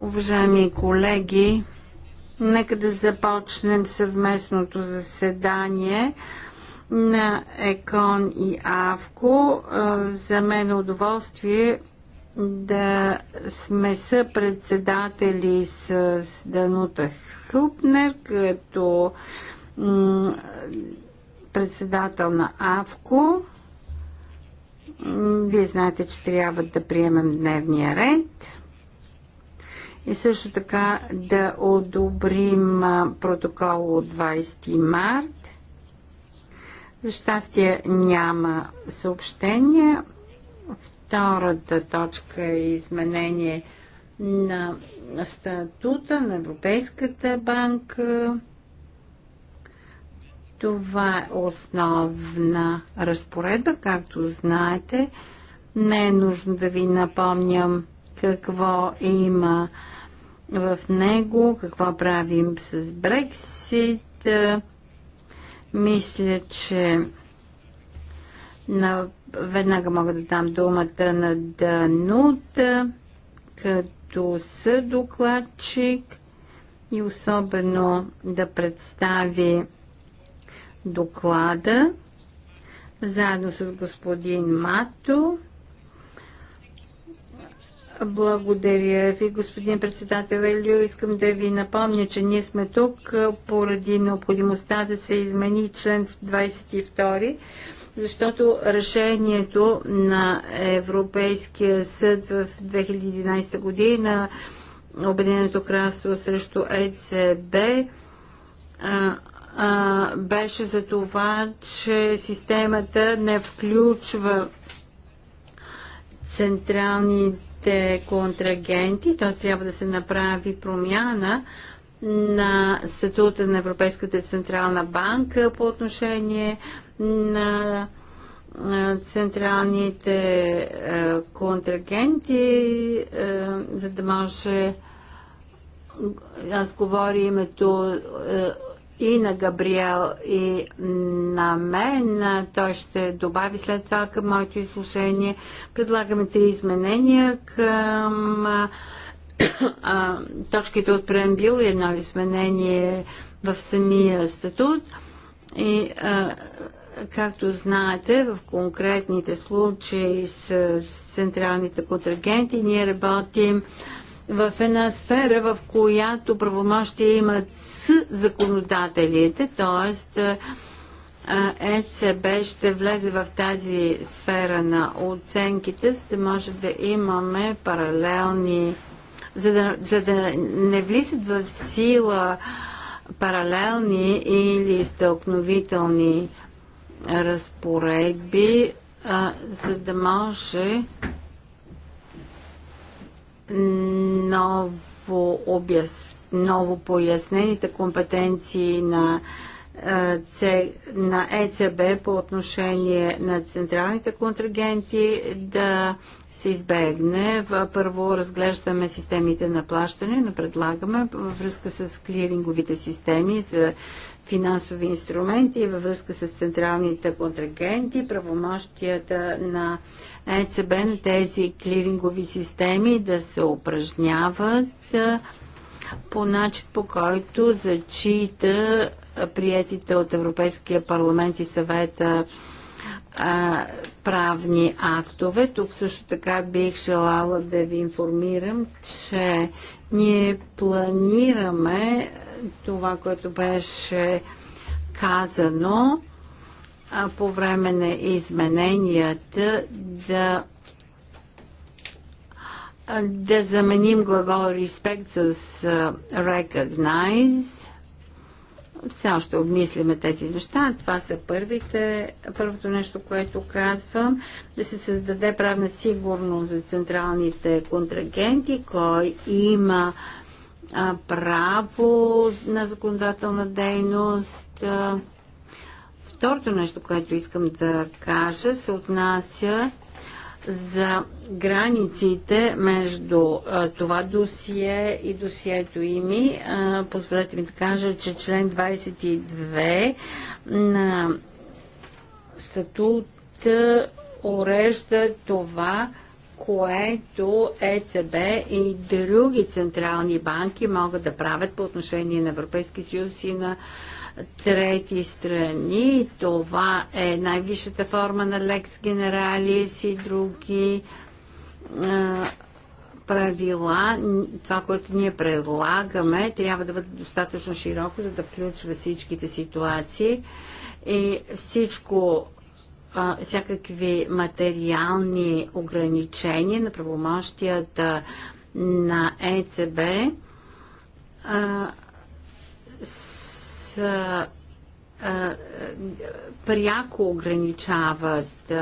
Уважаеми колеги, нека да започнем съвместното заседание на ЕКОН и АВКО. За мен е удоволствие да сме съпредседатели с Данута Хупнер, като председател на АВКО вие знаете, че трябва да приемем дневния ред и също така да одобрим протокол от 20 март. За щастие няма съобщения. Втората точка е изменение на статута на Европейската банка. Това е основна разпоредба, както знаете. Не е нужно да ви напомням какво има в него, какво правим с Брексит. Мисля, че на... веднага мога да дам думата на Данута, като съдокладчик и особено да представи доклада заедно с господин Мато. Благодаря ви, господин председател Елио. Искам да ви напомня, че ние сме тук поради необходимостта да се измени член 22 защото решението на Европейския съд в 2011 година Обединеното кралство срещу ЕЦБ а, беше за това, че системата не включва централните контрагенти, т.е. трябва да се направи промяна на статута на Европейската централна банка по отношение на централните контрагенти, за да може аз говоря името и на Габриел и на мен. Той ще добави след това към моето изслушение. Предлагаме три изменения към точките от преамбил и едно изменение в самия статут. И а, както знаете, в конкретните случаи с, с централните контрагенти ние работим а, в една сфера, в която правомощия имат с законодателите, т.е. ЕЦБ ще влезе в тази сфера на оценките, за да може да имаме паралелни, за да, за да не влизат в сила паралелни или стълкновителни разпоредби, а, за да може ново, обяс... ново пояснените компетенции на е, на ЕЦБ по отношение на централните контрагенти да се избегне. Първо разглеждаме системите на плащане, но предлагаме във връзка с клиринговите системи за финансови инструменти във връзка с централните контрагенти, правомощията на ЕЦБ на тези клирингови системи да се упражняват по начин, по който зачита приетите от Европейския парламент и съвета правни актове. Тук също така бих желала да ви информирам, че ние планираме това, което беше казано по време на измененията да да заменим глагол respect с recognize. Все още обмислиме тези неща. Това са първите, първото нещо, което казвам, да се създаде правна сигурност за централните контрагенти, кой има право на законодателна дейност. Второто нещо, което искам да кажа, се отнася за границите между това досие и досието ИМИ. Позволете ми да кажа, че член 22 на статут урежда това, което ЕЦБ и други централни банки могат да правят по отношение на Европейски съюз и на трети страни. Това е най-висшата форма на лекс генералис и други правила, това, което ние предлагаме, трябва да бъде достатъчно широко, за да включва всичките ситуации и всичко всякакви материални ограничения на правомощията на ЕЦБ с, пряко ограничават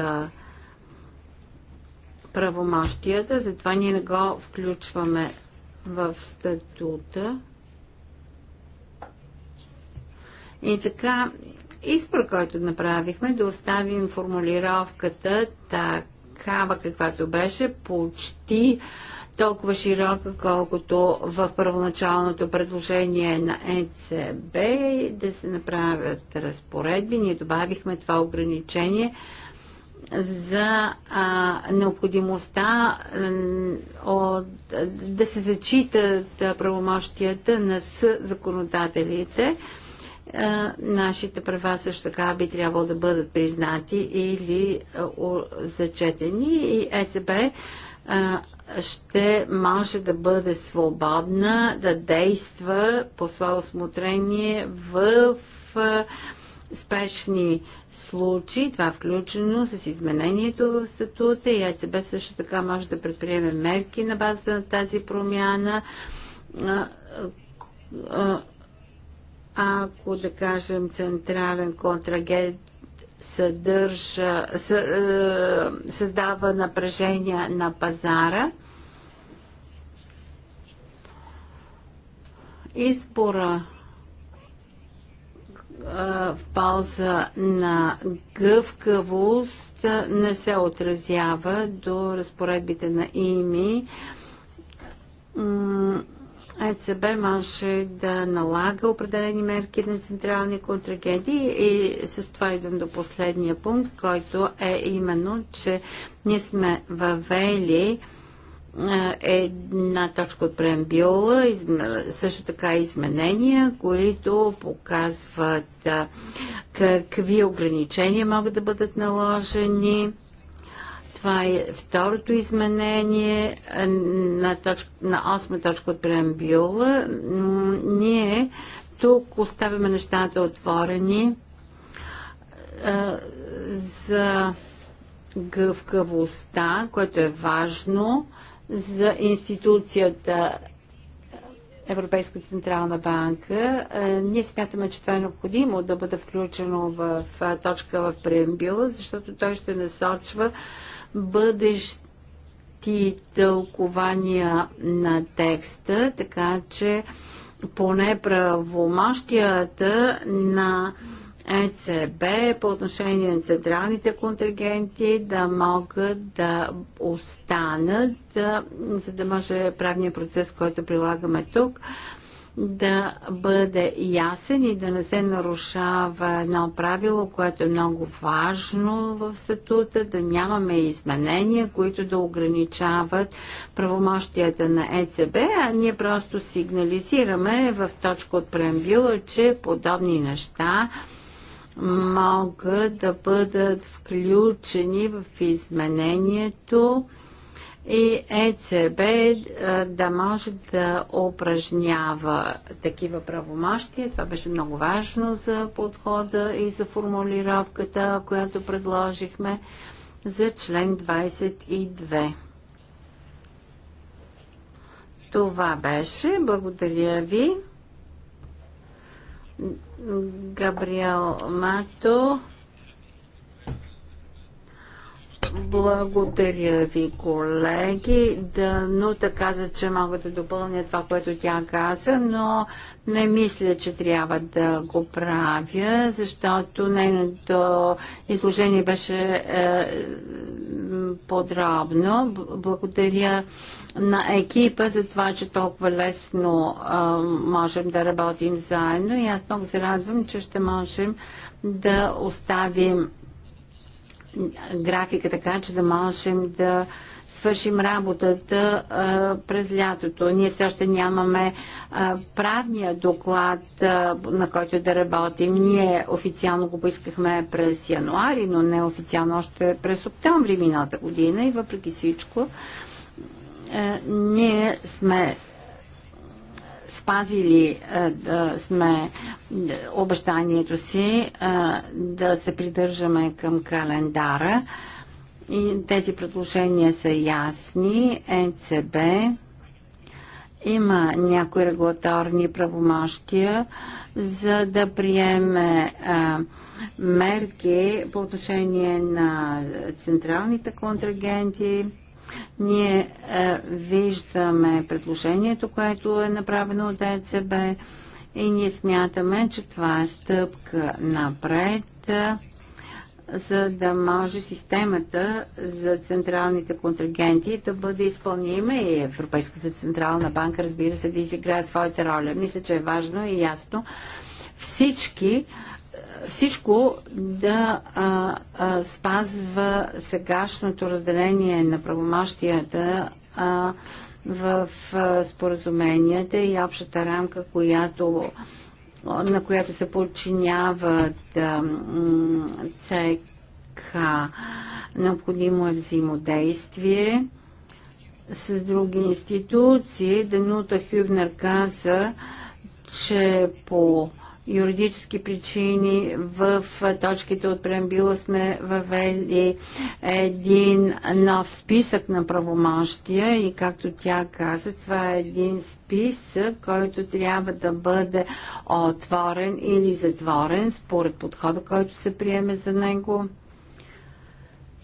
правомощията, затова ние не го включваме в статута. И така избор, който направихме, да оставим формулировката такава, каквато беше, почти толкова широка, колкото в първоначалното предложение на ЕЦБ да се направят разпоредби. Ние добавихме това ограничение за а, необходимостта а, от, да се зачитат правомощията на съ законодателите. законодателите нашите права също така би трябвало да бъдат признати или зачетени и ЕЦБ ще може да бъде свободна да действа по свое осмотрение в спешни случаи. Това е включено с изменението в статута и ЕЦБ също така може да предприеме мерки на базата на тази промяна ако, да кажем, централен контрагент съдържа, съ, е, създава напрежение на пазара, избора е, в пауза на гъвкавост не се отразява до разпоредбите на ИМИ. ЕЦБ може да налага определени мерки на централни контрагенти и с това идвам до последния пункт, който е именно, че ние сме въвели една точка от преамбиола, също така изменения, които показват какви ограничения могат да бъдат наложени това е второто изменение на, точка, на 8 точка от преамбюла. Ние тук оставяме нещата отворени за гъвкавостта, което е важно за институцията Европейска централна банка. Ние смятаме, че това е необходимо да бъде включено в точка в преембила, защото той ще насочва бъдещи тълкования на текста, така че поне правомощията на ЕЦБ по отношение на централните контрагенти да могат да останат, за да може правния процес, който прилагаме тук, да бъде ясен и да не се нарушава едно правило, което е много важно в статута, да нямаме изменения, които да ограничават правомощията на ЕЦБ, а ние просто сигнализираме в точка от преамбюла, че подобни неща могат да бъдат включени в изменението и ЕЦБ да може да упражнява такива правомащия. Това беше много важно за подхода и за формулировката, която предложихме за член 22. Това беше. Благодаря ви. Габриел Мато. Благодаря ви, колеги. Данута каза, че мога да допълня това, което тя каза, но не мисля, че трябва да го правя, защото нейното изложение беше е, подробно. Благодаря на екипа за това, че толкова лесно е, можем да работим заедно и аз много се радвам, че ще можем да оставим графика, така че да можем да свършим работата а, през лятото. Ние все още нямаме а, правния доклад, а, на който да работим. Ние официално го поискахме през януари, но не официално още през октомври миналата година и въпреки всичко ние сме спазили е, да сме обещанието си е, да се придържаме към календара. И тези предложения са ясни. ЕЦБ има някои регулаторни правомощия, за да приеме е, мерки по отношение на централните контрагенти, ние е, виждаме предложението, което е направено от ЕЦБ и ние смятаме, че това е стъпка напред, е, за да може системата за централните контрагенти да бъде изпълнима и Европейската централна банка, разбира се, да изиграе своята роля. Мисля, че е важно и ясно всички всичко да а, а, спазва сегашното разделение на правомащията а, в а, споразуменията и общата рамка, която, на която се подчиняват а, ЦК. Необходимо е взаимодействие с други институции. Данута Хюбнер каза, че по юридически причини в точките от преамбила сме въвели един нов списък на правомощия и както тя каза, това е един списък, който трябва да бъде отворен или затворен според подхода, който се приеме за него.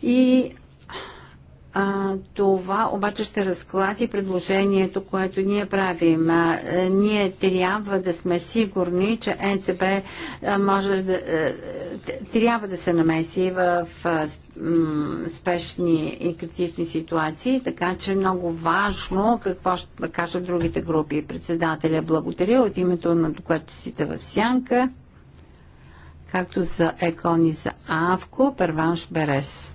И а, това обаче ще разклати предложението, което ние правим. А, е, ние трябва да сме сигурни, че НЦБ е, може да, е, трябва да се намеси в спешни и критични ситуации, така че е много важно какво ще кажат другите групи. Председателя благодаря от името на докладчиците в Сянка, както за Екони за Авко, Перванш Берес.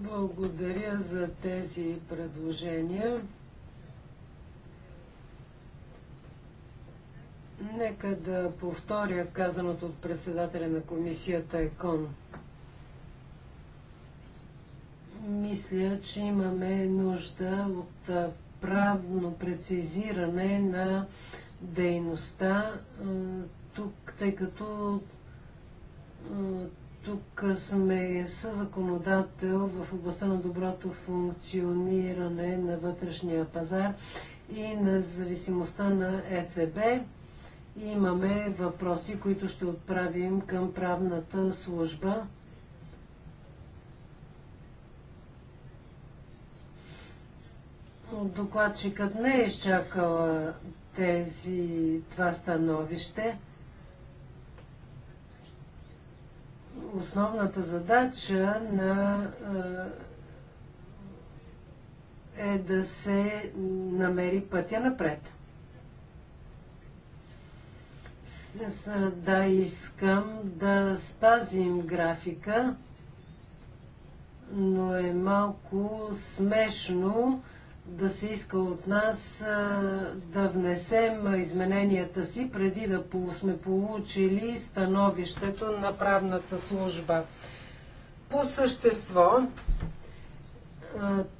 Благодаря за тези предложения. Нека да повторя казаното от председателя на комисията ЕКОН. Мисля, че имаме нужда от правно прецизиране на дейността тук, тъй като тук сме съзаконодател в областта на доброто функциониране на вътрешния пазар и на зависимостта на ЕЦБ. Имаме въпроси, които ще отправим към правната служба. Докладчикът не е изчакал тези два становище. основната задача на, е, е да се намери пътя напред. да, искам да спазим графика, но е малко смешно да се иска от нас да внесем измененията си, преди да сме получили становището на правната служба. По същество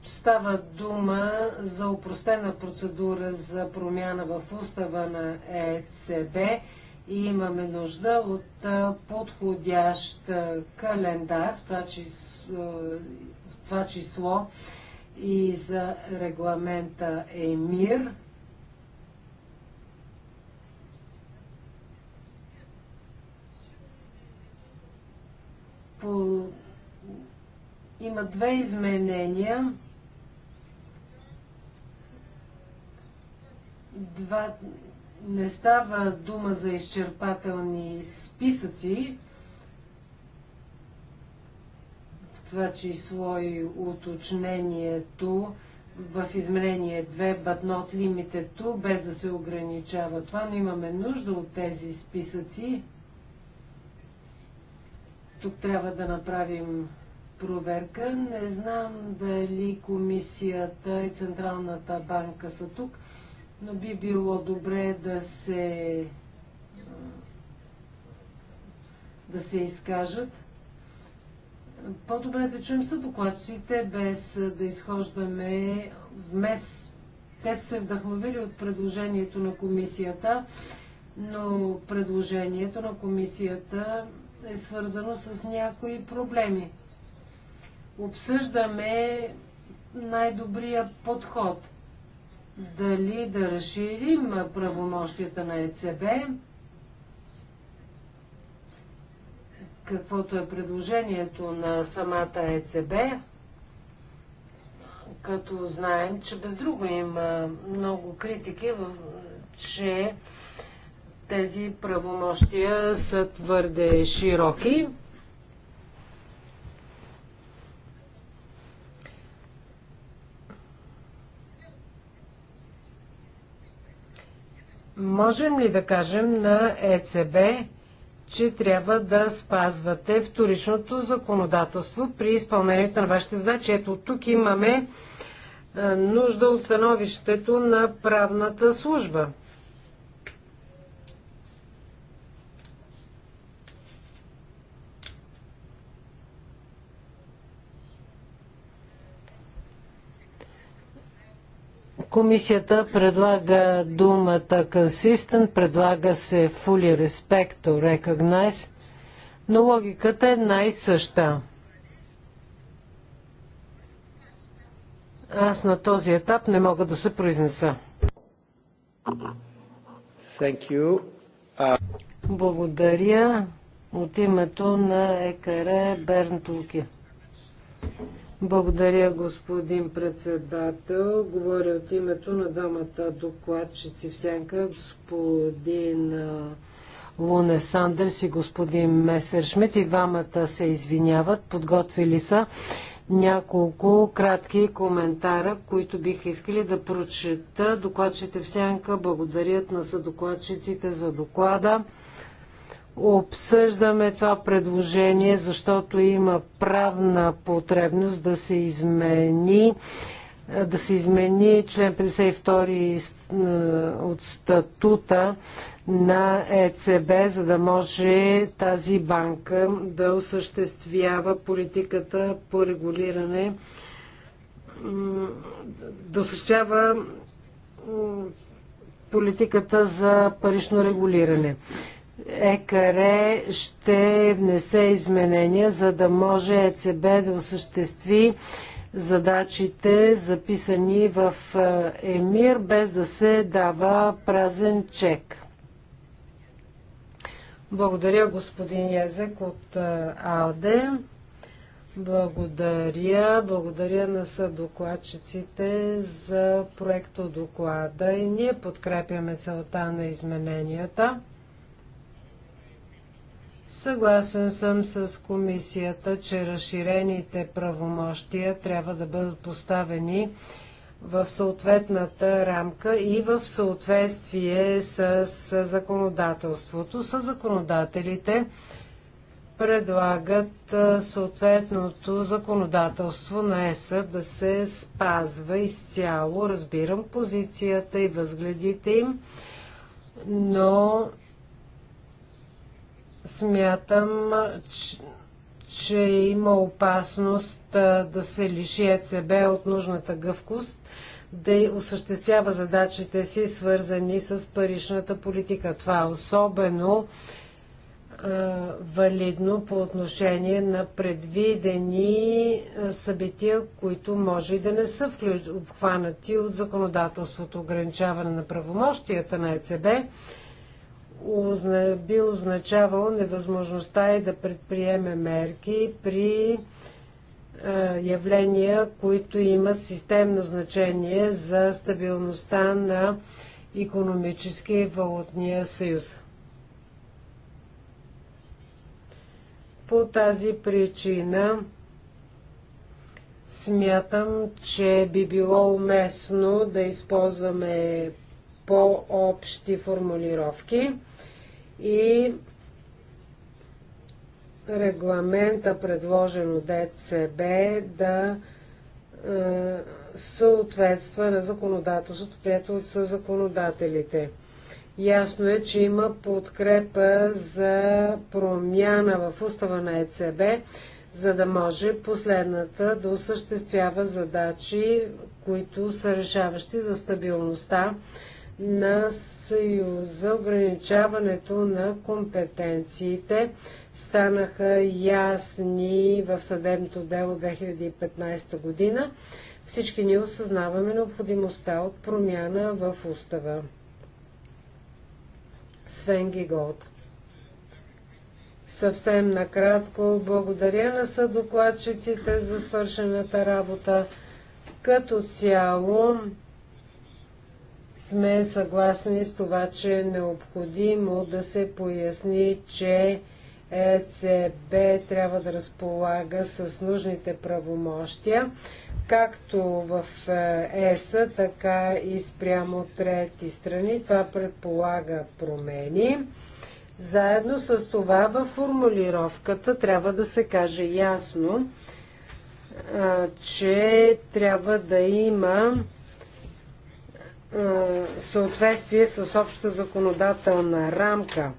става дума за упростена процедура за промяна в устава на ЕЦБ и имаме нужда от подходящ календар, в това число, в това число и за регламента ЕМИР. По... Има две изменения. Два... Не става дума за изчерпателни списъци, това число и уточнението в изменение 2, but not limited без да се ограничава това, но имаме нужда от тези списъци. Тук трябва да направим проверка. Не знам дали комисията и Централната банка са тук, но би било добре да се да се изкажат по-добре да чуем съдокладците, без да изхождаме вмес. те са се вдъхновили от предложението на комисията, но предложението на комисията е свързано с някои проблеми. Обсъждаме най-добрия подход. Дали да разширим правомощията на ЕЦБ, каквото е предложението на самата ЕЦБ, като знаем, че без друго има много критики, че тези правомощия са твърде широки. Можем ли да кажем на ЕЦБ, че трябва да спазвате вторичното законодателство при изпълнението на вашите задачи. Ето тук имаме нужда от становището на правната служба. Комисията предлага думата consistent, предлага се fully respect or recognize, но логиката е най-съща. Аз на този етап не мога да се произнеса. Thank you. Uh... Благодаря от името на ЕКР Берн Тулки. Благодаря, господин председател. Говоря от името на двамата докладчици в сянка, господин Луне Сандърс и господин Месершмит. И двамата се извиняват, подготвили са няколко кратки коментара, които бих искали да прочета. Докладчите в сянка благодарят на съдокладчиците за доклада. Обсъждаме това предложение, защото има правна потребност да се измени да се измени член 52 е, от статута на ЕЦБ, за да може тази банка да осъществява политиката по регулиране, да осъществява политиката за парично регулиране. ЕКР ще внесе изменения, за да може ЕЦБ да осъществи задачите, записани в е, ЕМИР, без да се дава празен чек. Благодаря господин Язек от АОДЕ. Благодаря. Благодаря на съдокладчиците за проекто доклада и ние подкрепяме целта на измененията. Съгласен съм с комисията, че разширените правомощия трябва да бъдат поставени в съответната рамка и в съответствие с, законодателството. С законодателите предлагат съответното законодателство на ЕСА да се спазва изцяло. Разбирам позицията и възгледите им, но Смятам, че има опасност да се лиши ЕЦБ от нужната гъвкост да осъществява задачите си, свързани с паричната политика. Това е особено валидно по отношение на предвидени събития, които може и да не са обхванати от законодателството ограничаване на правомощията на ЕЦБ би означавало невъзможността и да предприеме мерки при явления, които имат системно значение за стабилността на економически и валутния съюз. По тази причина смятам, че би било уместно да използваме по-общи формулировки и регламента, предложен от ДЦБ, да е, съответства на законодателството, прието от законодателите. Ясно е, че има подкрепа за промяна в устава на ЕЦБ, за да може последната да осъществява задачи, които са решаващи за стабилността на Съюза, ограничаването на компетенциите станаха ясни в съдебното дело 2015 година. Всички ние осъзнаваме необходимостта от промяна в устава. Свен Гигот Съвсем накратко благодаря на съдокладчиците за свършената работа. Като цяло сме съгласни с това, че е необходимо да се поясни, че ЕЦБ трябва да разполага с нужните правомощия, както в ЕСА, е така и спрямо трети страни. Това предполага промени. Заедно с това във формулировката трябва да се каже ясно, че трябва да има е, съответствие с обща законодателна рамка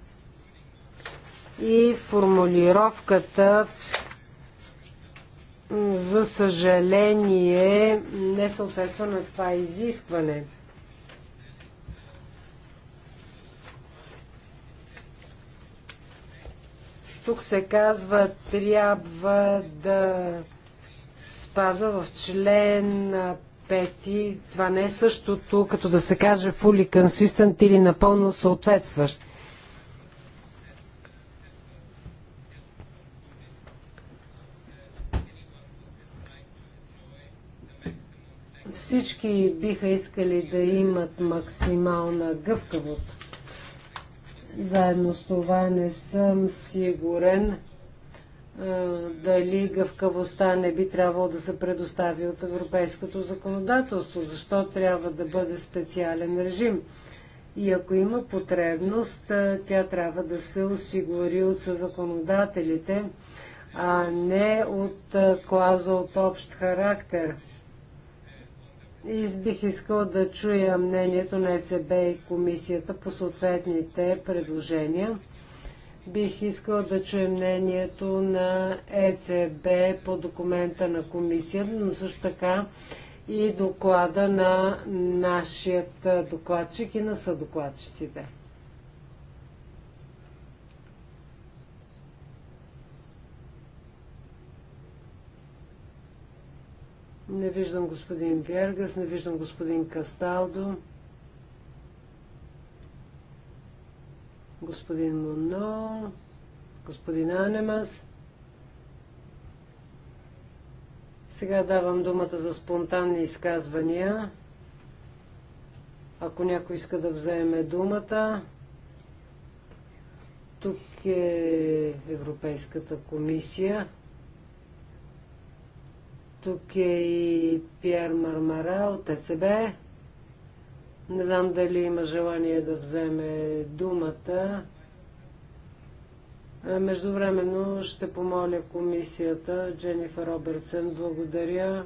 и формулировката за съжаление не съответства на това изискване. Тук се казва трябва да спазва в член пети, това не е същото, като да се каже fully consistent или напълно съответстващ. Всички биха искали да имат максимална гъвкавост. Заедно с това не съм сигурен, е, дали гъвкавостта не би трябвало да се предостави от европейското законодателство, защо трябва да бъде специален режим. И ако има потребност, е, тя трябва да се осигури от законодателите, а не от е, клаза от общ характер. И бих искал да чуя мнението на ЕЦБ и комисията по съответните предложения Бих искал да чуя мнението на ЕЦБ по документа на комисията, но също така и доклада на нашият докладчик и на съдокладчиците. Не виждам господин Вергас, не виждам господин Касталдо. господин Моно, господин Анемас. Сега давам думата за спонтанни изказвания. Ако някой иска да вземе думата, тук е Европейската комисия. Тук е и Пьер Мармара от ЕЦБ. Не знам дали има желание да вземе думата. Междувременно ще помоля комисията Дженифър Робертсен. Благодаря.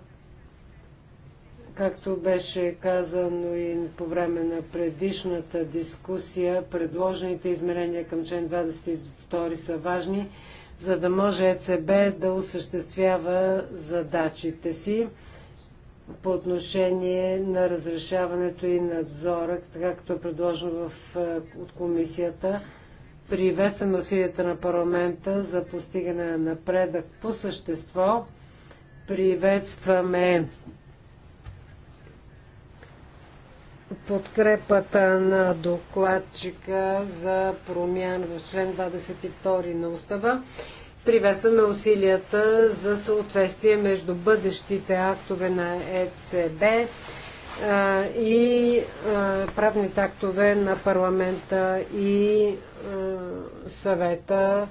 Както беше казано и по време на предишната дискусия, предложените измерения към член 22 са важни, за да може ЕЦБ да осъществява задачите си по отношение на разрешаването и надзора, така както е предложено в, е, от комисията. Приветствам усилията на парламента за постигане на напредък по същество. Приветстваме подкрепата на докладчика за промяна в член 22 на устава Приветстваме усилията за съответствие между бъдещите актове на ЕЦБ и правните актове на парламента и съвета.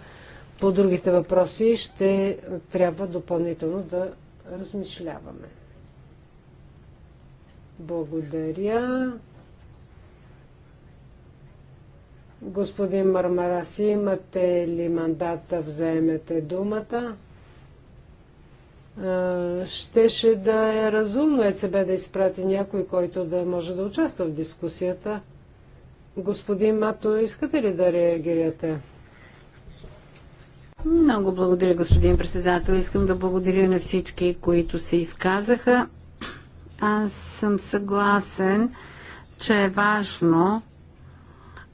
По другите въпроси ще трябва допълнително да размишляваме. Благодаря. Господин Мармараси, имате ли мандата, вземете думата? Щеше да е разумно ЕЦБ да изпрати някой, който да може да участва в дискусията. Господин Мато, искате ли да реагирате? Много благодаря, господин председател. Искам да благодаря на всички, които се изказаха. Аз съм съгласен, че е важно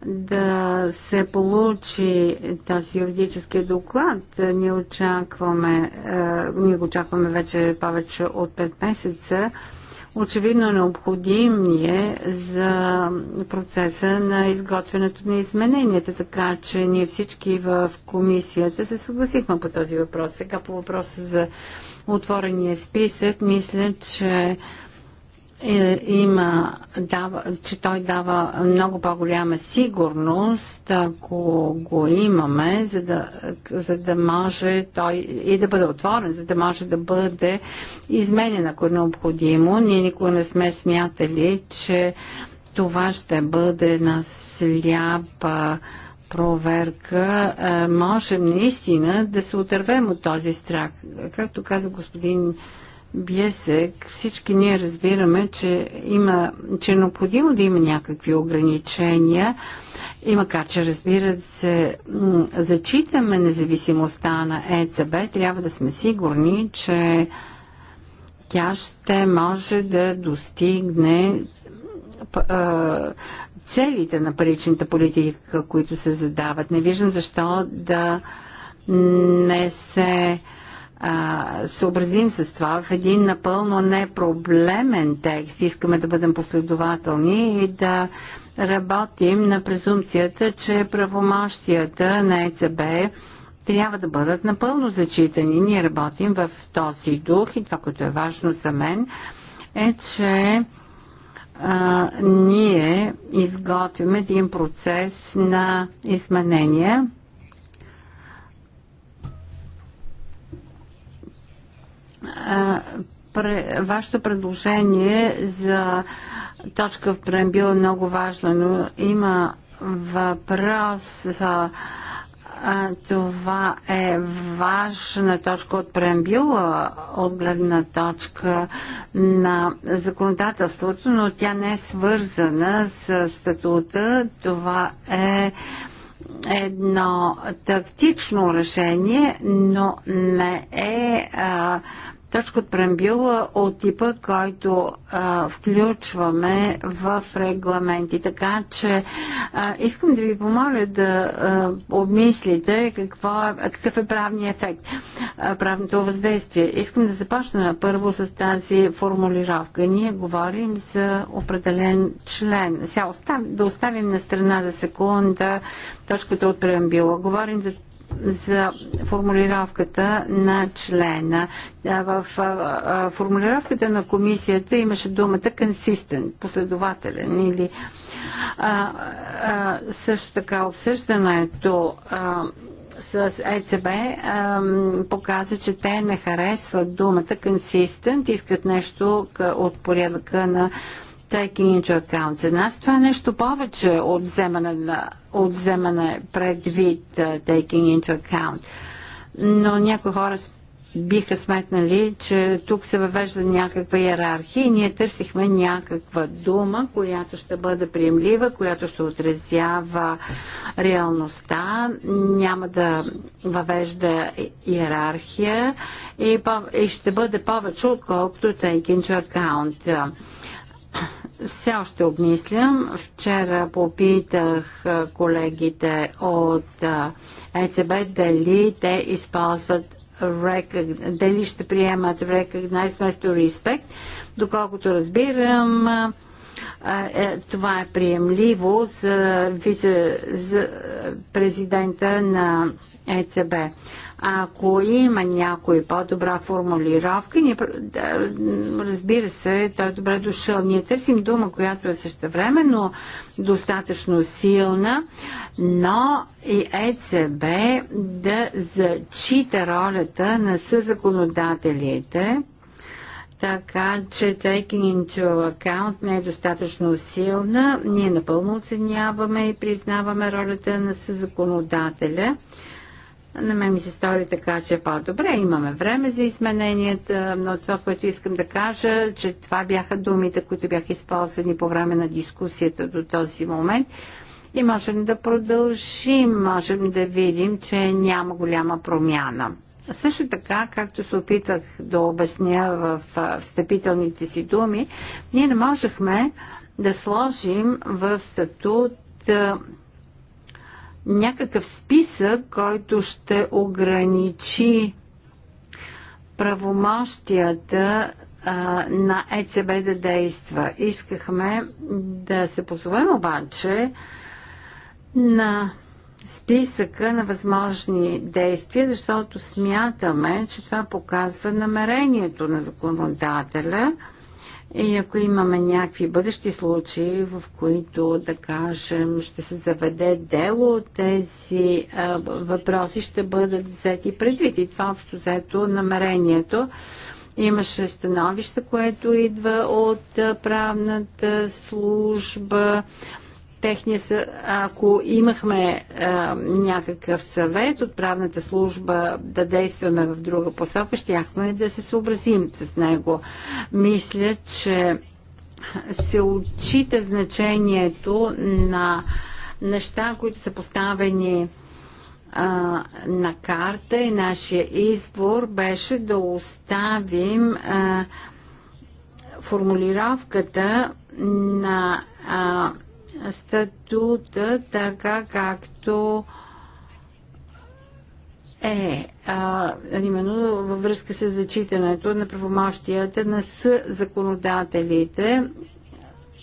да се получи този юридически доклад. Ние очакваме, е, ние го очакваме вече повече от 5 месеца. Очевидно необходим е за процеса на изготвянето на измененията, така че ние всички в комисията се съгласихме по този въпрос. Сега по въпроса за отворения списък, мисля, че е, има, дава, че той дава много по-голяма сигурност, ако го имаме, за да, за да може той и да бъде отворен, за да може да бъде изменен, ако е необходимо. Ние никога не сме смятали, че това ще бъде на сляпа проверка. Е, можем наистина да се отървем от този страх. Както каза господин Бесек, всички ние разбираме, че, има, че е необходимо да има някакви ограничения и макар, че разбира се, зачитаме независимостта на ЕЦБ, трябва да сме сигурни, че тя ще може да достигне целите на паричната политика, които се задават. Не виждам защо да не се а, съобразим с това в един напълно непроблемен текст. Искаме да бъдем последователни и да работим на презумцията, че правомощията на ЕЦБ трябва да бъдат напълно зачитани. Ние работим в този дух и това, което е важно за мен, е, че а, ние изготвяме един процес на изменения вашето предложение за точка в преамбила е много важно, но има въпрос за това е важна точка от преамбила от гледна точка на законодателството, но тя не е свързана с статута. Това е едно тактично решение, но не е а, точка от преамбюла от типа, който а, включваме в регламенти. Така че а, искам да ви помоля да а, обмислите какво е, какъв е правният ефект, а, правното въздействие. Искам да започна първо с тази формулировка. Ние говорим за определен член. Сега остав, да оставим на страна за секунда точката от преамбюла. Говорим за за формулировката на члена. В формулировката на комисията имаше думата консистент, последователен или а, а, също така обсъждането а, с ЕЦБ а, показа, че те не харесват думата консистент, искат нещо от порядъка на taking into account. За нас това е нещо повече от вземане, на, от вземане предвид uh, taking into account. Но някои хора биха сметнали, че тук се въвежда някаква иерархия и ние търсихме някаква дума, която ще бъде приемлива, която ще отразява реалността, няма да въвежда иерархия и, и ще бъде повече, отколкото take into account все още обмислям. Вчера попитах колегите от ЕЦБ дали те използват дали ще приемат recognize вместо respect. Доколкото разбирам, е, това е приемливо за, вице, президента на ЕЦБ. Ако има някой по-добра формулировка, ние, да, разбира се, той е добре дошъл. Ние търсим дума, която е същевременно достатъчно силна, но и ЕЦБ да зачита ролята на съзаконодателите, така че taking into account не е достатъчно силна. Ние напълно оценяваме и признаваме ролята на съзаконодателя. законодателя на мен ми се стори така, че е по-добре. Имаме време за измененията, но това, което искам да кажа, че това бяха думите, които бяха използвани по време на дискусията до този момент. И можем да продължим, можем да видим, че няма голяма промяна. Също така, както се опитвах да обясня в встъпителните си думи, ние не можехме да сложим в статут някакъв списък, който ще ограничи правомощията а, на ЕЦБ да действа. Искахме да се позовем обаче на списъка на възможни действия, защото смятаме, че това показва намерението на законодателя – и ако имаме някакви бъдещи случаи, в които, да кажем, ще се заведе дело, тези а, въпроси ще бъдат взети предвид. И това общо взето намерението. Имаше становище, което идва от правната служба техния, ако имахме а, някакъв съвет от правната служба да действаме в друга посока, щяхме да се съобразим с него. Мисля, че се отчита значението на неща, които са поставени а, на карта и нашия избор беше да оставим а, формулировката на а, статута така както е, а, именно във връзка с зачитането на правомощията на с законодателите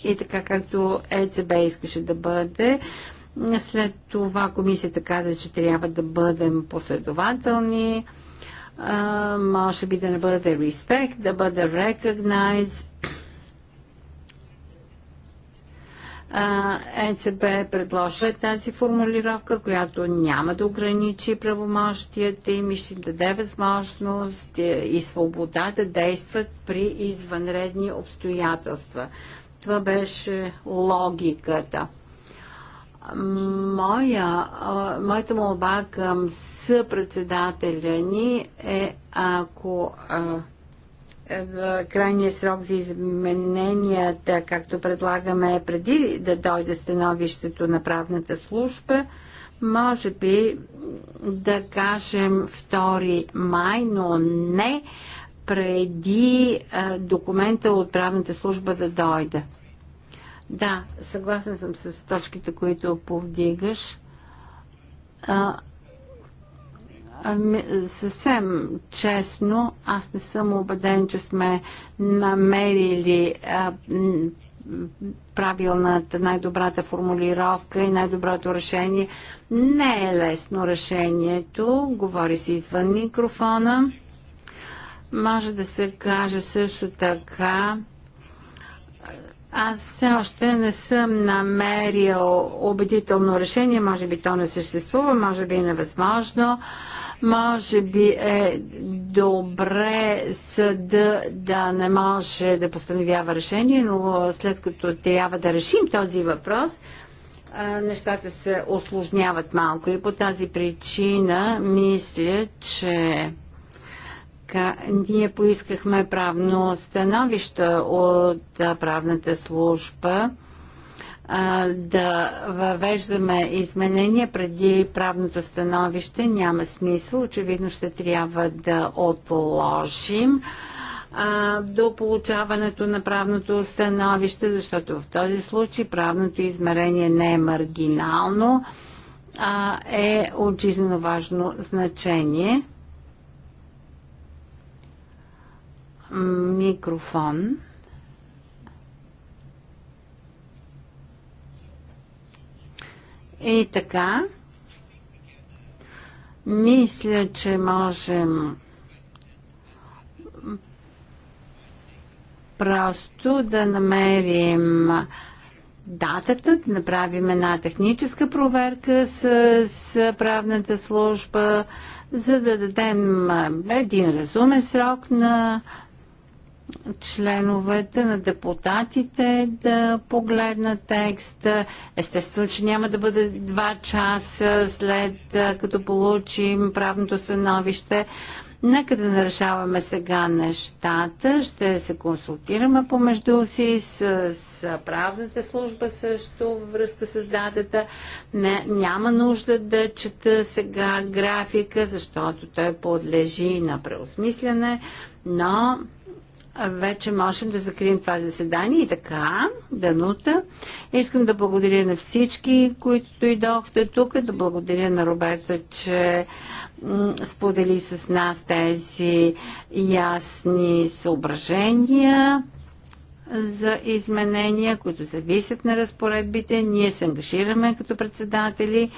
и така както ЕЦБ искаше да бъде. След това комисията каза, че трябва да бъдем последователни, а, може би да не бъде респект, да бъде recognize, ЕЦБ предложи е тази формулировка, която няма да ограничи правомощията им и ще им даде възможност е, и свобода да действат при извънредни обстоятелства. Това беше логиката. Моя, моята молба към съпредседателя ни е, ако крайния срок за измененията, както предлагаме преди да дойде становището на правната служба, може би да кажем 2 май, но не преди документа от правната служба да дойде. Да, съгласен съм с точките, които повдигаш. Ами, съвсем честно, аз не съм убеден, че сме намерили а, правилната, най-добрата формулировка и най-доброто решение. Не е лесно решението. Говори се извън микрофона. Може да се каже също така, аз все още не съм намерил убедително решение, може би то не съществува, може би е невъзможно. А, може би е добре съда да не може да постановява решение, но след като трябва да решим този въпрос, нещата се осложняват малко и по тази причина мисля, че ние поискахме правно становище от правната служба да въвеждаме изменения преди правното становище няма смисъл. Очевидно ще трябва да отложим а, до получаването на правното становище, защото в този случай правното измерение не е маргинално, а е от жизненно важно значение. Микрофон. И така, мисля, че можем просто да намерим датата, да направим една техническа проверка с, с правната служба, за да дадем един разумен срок на членовете, на депутатите да погледнат текста. Естествено, че няма да бъде два часа след като получим правното становище. Нека да нарешаваме сега нещата. Ще се консултираме помежду си с, с правната служба също в връзка с датата. Не, няма нужда да чета сега графика, защото той подлежи на преосмисляне, но вече можем да закрием това заседание. И така, Данута, искам да благодаря на всички, които дойдохте тук, да благодаря на Роберта, че сподели с нас тези ясни съображения за изменения, които зависят на разпоредбите. Ние се ангажираме като председатели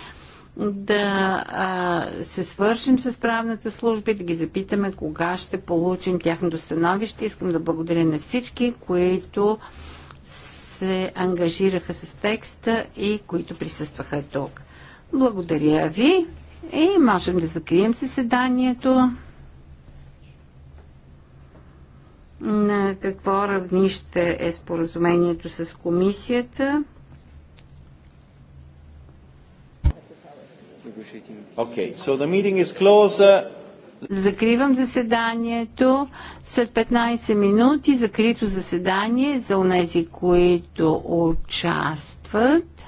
да а, се свършим с правната служба и да ги запитаме кога ще получим тяхното становище. Искам да благодаря на всички, които се ангажираха с текста и които присъстваха тук. Благодаря ви и можем да закрием заседанието. На какво равнище е споразумението с комисията? Uh, Закривам заседанието след 15 минути. Закрито заседание за унези, които участват.